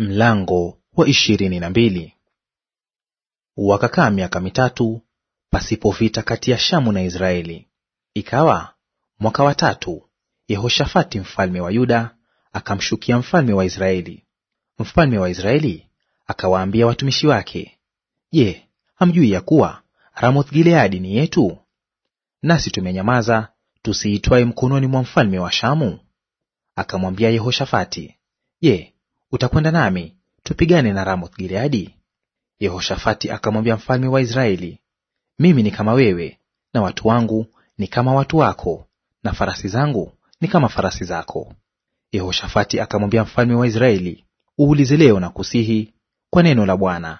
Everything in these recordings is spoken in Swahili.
Mlango wa ishirini na mbili. Wakakaa miaka mitatu pasipo vita kati ya Shamu na Israeli. Ikawa mwaka wa tatu, Yehoshafati mfalme wa Yuda akamshukia mfalme wa Israeli. Mfalme wa Israeli akawaambia watumishi wake, Je, hamjui ya kuwa Ramoth Gileadi ni yetu, nasi tumenyamaza tusiitwae mkononi mwa mfalme wa Shamu? Akamwambia Yehoshafati, Je, utakwenda nami tupigane na Ramoth Gileadi? Yehoshafati akamwambia mfalme wa Israeli, mimi ni kama wewe, na watu wangu ni kama watu wako, na farasi zangu ni kama farasi zako. Yehoshafati akamwambia mfalme wa Israeli, uulize leo na kusihi kwa neno la Bwana.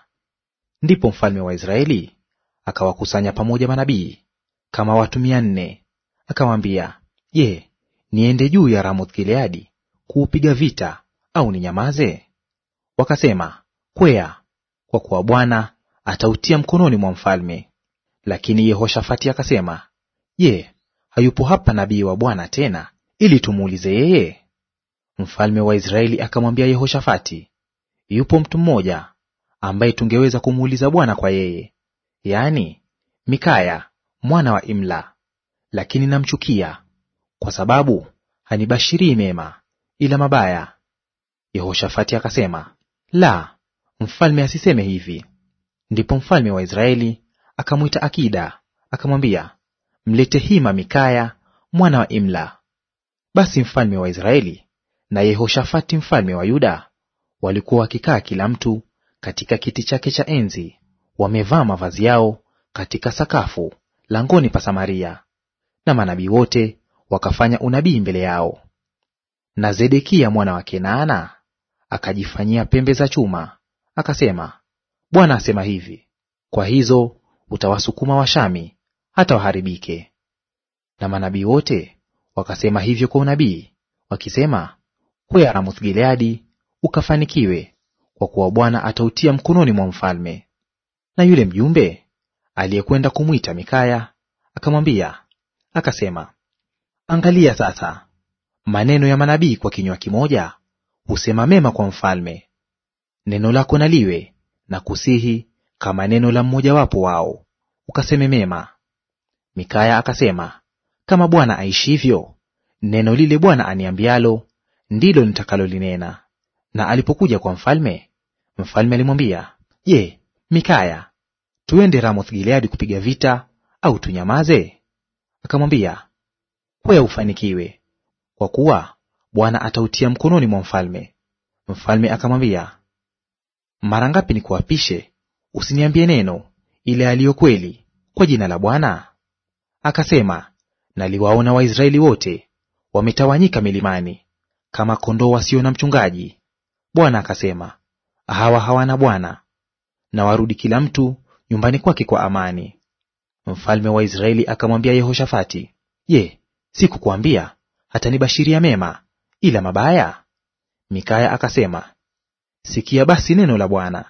Ndipo mfalme wa Israeli akawakusanya pamoja manabii kama watu mia nne, akawaambia, Je, niende juu ya Ramoth Gileadi kuupiga vita au ninyamaze? Wakasema, Kwea, kwa kuwa Bwana atautia mkononi mwa mfalme. Lakini Yehoshafati akasema, Je, hayupo hapa nabii wa Bwana tena ili tumuulize yeye? Mfalme wa Israeli akamwambia Yehoshafati, yupo mtu mmoja ambaye tungeweza kumuuliza Bwana kwa yeye, yaani Mikaya mwana wa Imla, lakini namchukia kwa sababu hanibashirii mema ila mabaya, Yehoshafati akasema, la, mfalme asiseme hivi. Ndipo mfalme wa Israeli akamwita Akida akamwambia, mlete hima Mikaya mwana wa Imla. Basi mfalme wa Israeli na Yehoshafati mfalme wa Yuda walikuwa wakikaa kila mtu katika kiti chake cha enzi, wamevaa mavazi yao katika sakafu langoni pa Samaria, na manabii wote wakafanya unabii mbele yao. Na Zedekia mwana wa Kenaana akajifanyia pembe za chuma, akasema, Bwana asema hivi, kwa hizo utawasukuma Washami hata waharibike. Na manabii wote wakasema hivyo kwa unabii, wakisema, Kwea Ramoth Gileadi ukafanikiwe, kwa kuwa Bwana atautia mkononi mwa mfalme. Na yule mjumbe aliyekwenda kumwita Mikaya akamwambia akasema, Angalia sasa, maneno ya manabii kwa kinywa kimoja husema mema kwa mfalme. Neno lako na liwe na kusihi kama neno la mmojawapo wao, ukaseme mema. Mikaya akasema, kama Bwana aishivyo, neno lile Bwana aniambialo ndilo nitakalolinena. Na alipokuja kwa mfalme, mfalme alimwambia, Je, Mikaya, tuende Ramoth Gileadi kupiga vita au tunyamaze? Akamwambia, kweya ufanikiwe, kwa kuwa Bwana atautia mkononi mwa mfalme. Mfalme akamwambia, mara ngapi nikuapishe usiniambie neno ile aliyo kweli kwa jina la Bwana? Akasema, naliwaona Waisraeli wote wametawanyika milimani kama kondoo wasio na mchungaji. Bwana akasema, hawa hawana bwana, na warudi kila mtu nyumbani kwake kwa amani. Mfalme wa Israeli akamwambia Yehoshafati, Je, sikukuambia hatanibashiria mema ila mabaya? Mikaya akasema, sikia basi neno la Bwana.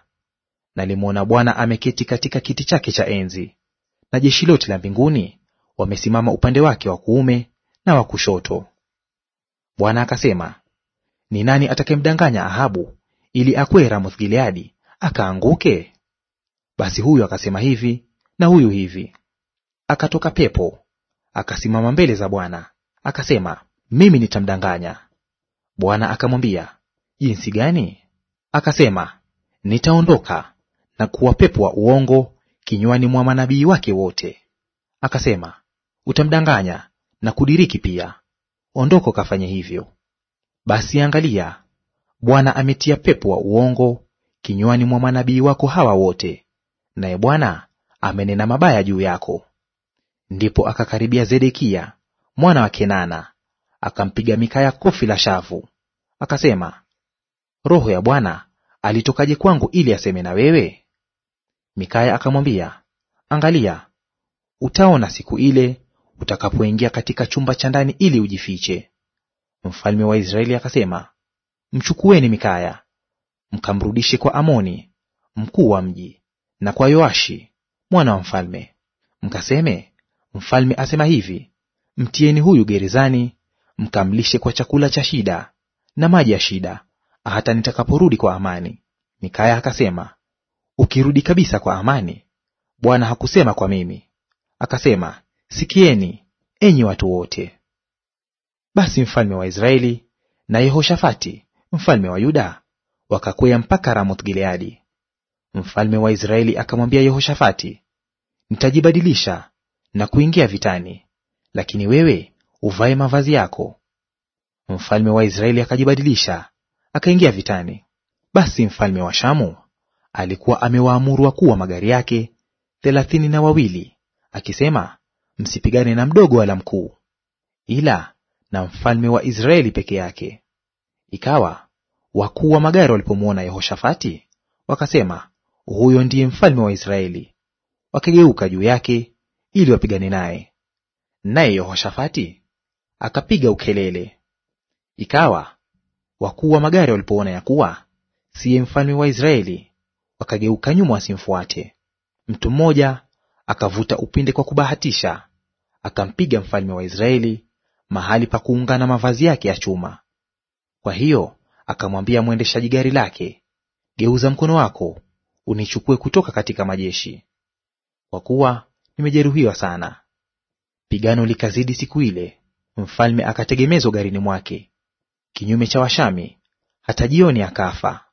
Nalimwona Bwana ameketi katika kiti chake cha enzi, na jeshi lote la mbinguni wamesimama upande wake wa kuume na wa kushoto. Bwana akasema, ni nani atakayemdanganya Ahabu ili akwe Ramoth Gileadi akaanguke? Basi huyu akasema hivi na huyu hivi. Akatoka pepo akasimama mbele za Bwana akasema, mimi nitamdanganya. Bwana akamwambia, jinsi gani? Akasema, nitaondoka na kuwa pepo wa uongo kinywani mwa manabii wake wote. Akasema, utamdanganya na kudiriki pia. Ondoko kafanye hivyo. Basi angalia, Bwana ametia pepo wa uongo kinywani mwa manabii wako hawa wote, naye Bwana amenena mabaya juu yako. Ndipo akakaribia Zedekia mwana wa Kenana akampiga Mikaya kofi la shavu, akasema, Roho ya Bwana alitokaje kwangu ili aseme na wewe? Mikaya akamwambia, Angalia, utaona siku ile utakapoingia katika chumba cha ndani ili ujifiche. Mfalme wa Israeli akasema, mchukueni Mikaya mkamrudishe kwa Amoni mkuu wa mji na kwa Yoashi mwana wa mfalme, mkaseme, mfalme asema hivi, mtieni huyu gerezani mkamlishe kwa chakula cha shida na maji ya shida, hata nitakaporudi kwa amani. Mikaya akasema, ukirudi kabisa kwa amani, Bwana hakusema kwa mimi. Akasema, sikieni enyi watu wote. Basi mfalme wa Israeli na Yehoshafati mfalme wa Yuda wakakwea mpaka Ramoth Gileadi. Mfalme wa Israeli akamwambia Yehoshafati, nitajibadilisha na kuingia vitani, lakini wewe uvae mavazi yako. Mfalme wa Israeli akajibadilisha akaingia vitani. Basi mfalme wa Shamu alikuwa amewaamuru wakuu wa magari yake thelathini na wawili akisema, msipigane na mdogo wala mkuu, ila na mfalme wa Israeli peke yake. Ikawa wakuu wa magari walipomwona Yehoshafati wakasema, huyo ndiye mfalme wa Israeli. Wakageuka juu yake ili wapigane naye. Naye Yehoshafati akapiga ukelele. Ikawa wakuu wa magari walipoona ya kuwa siye mfalme wa Israeli, wakageuka nyuma wasimfuate. Mtu mmoja akavuta upinde kwa kubahatisha, akampiga mfalme wa Israeli mahali pa kuungana mavazi yake ya chuma. Kwa hiyo akamwambia mwendeshaji gari lake, geuza mkono wako unichukue kutoka katika majeshi, kwa kuwa nimejeruhiwa sana. Pigano likazidi siku ile, Mfalme akategemezwa garini mwake, kinyume cha Washami, hata jioni akafa.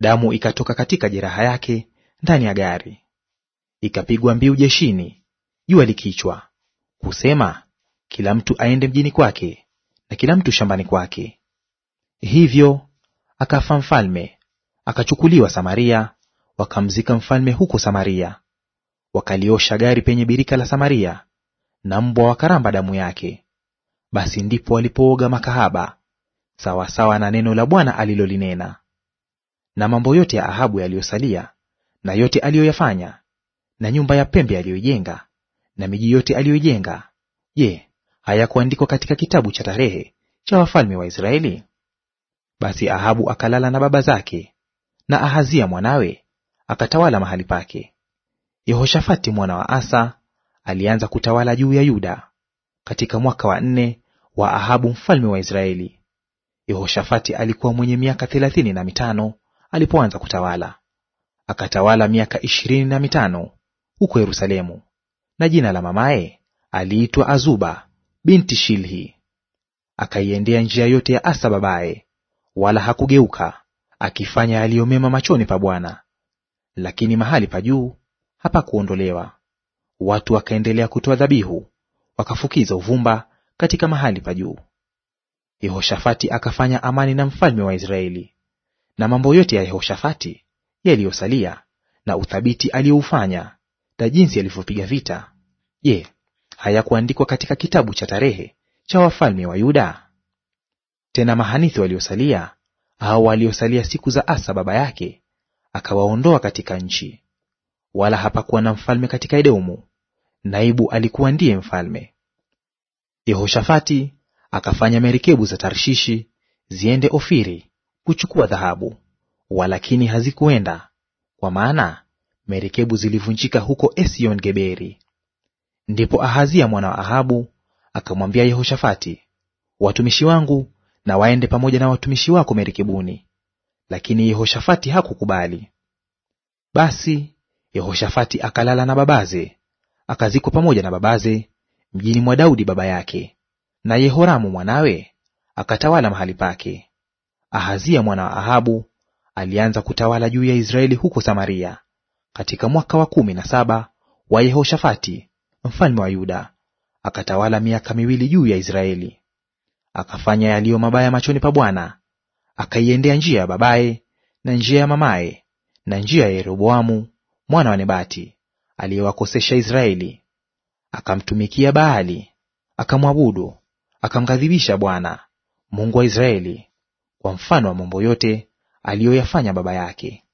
Damu ikatoka katika jeraha yake ndani ya gari. Ikapigwa mbiu jeshini, jua likichwa, kusema, kila mtu aende mjini kwake na kila mtu shambani kwake. Hivyo akafa mfalme, akachukuliwa Samaria, wakamzika mfalme huko Samaria. Wakaliosha gari penye birika la Samaria, na mbwa wakaramba damu yake. Basi ndipo walipooga makahaba, sawasawa na neno la Bwana alilolinena. Na mambo yote ya Ahabu yaliyosalia, na yote aliyoyafanya, na nyumba ya pembe aliyoijenga, na miji yote aliyoijenga, je, hayakuandikwa katika kitabu cha tarehe cha wafalme wa Israeli? Basi Ahabu akalala na baba zake, na Ahazia mwanawe akatawala mahali pake. Yehoshafati mwana wa Asa alianza kutawala juu ya Yuda katika mwaka wa nne wa Ahabu mfalme wa Israeli. Yehoshafati alikuwa mwenye miaka thelathini na mitano alipoanza kutawala, akatawala miaka ishirini na mitano huko Yerusalemu, na jina la mamaye aliitwa Azuba binti Shilhi. Akaiendea njia yote ya Asa babaye, wala hakugeuka, akifanya yaliyo mema machoni pa Bwana. Lakini mahali pa juu hapakuondolewa. Watu wakaendelea kutoa dhabihu, wakafukiza uvumba katika mahali pa juu. Yehoshafati akafanya amani na mfalme wa Israeli. Na mambo yote ya Yehoshafati yaliyosalia na uthabiti aliyoufanya na jinsi alivyopiga vita, je, hayakuandikwa katika kitabu cha tarehe cha wafalme wa Yuda? Tena mahanithi waliosalia, au waliosalia siku za Asa baba yake, akawaondoa katika nchi. Wala hapakuwa na mfalme katika Edomu; naibu alikuwa ndiye mfalme. Yehoshafati akafanya merikebu za Tarshishi ziende Ofiri kuchukua dhahabu, walakini hazikuenda, kwa maana merikebu zilivunjika huko Esion-Geberi. Ndipo Ahazia mwana wa Ahabu akamwambia Yehoshafati, watumishi wangu na waende pamoja na watumishi wako merikebuni, lakini Yehoshafati hakukubali. Basi Yehoshafati akalala na babaze, akazikwa pamoja na babaze mjini mwa Daudi baba yake, na Yehoramu mwanawe akatawala mahali pake. Ahazia mwana wa Ahabu alianza kutawala juu ya Israeli huko Samaria katika mwaka wa kumi na saba wa Yehoshafati mfalme wa Yuda, akatawala miaka miwili juu ya Israeli. Akafanya yaliyo mabaya machoni pa Bwana, akaiendea njia ya babaye na njia ya mamaye na njia ya Yeroboamu mwana wa Nebati aliyewakosesha Israeli akamtumikia Baali, akamwabudu, akamghadhibisha Bwana Mungu wa Israeli, kwa mfano wa mambo yote aliyoyafanya baba yake.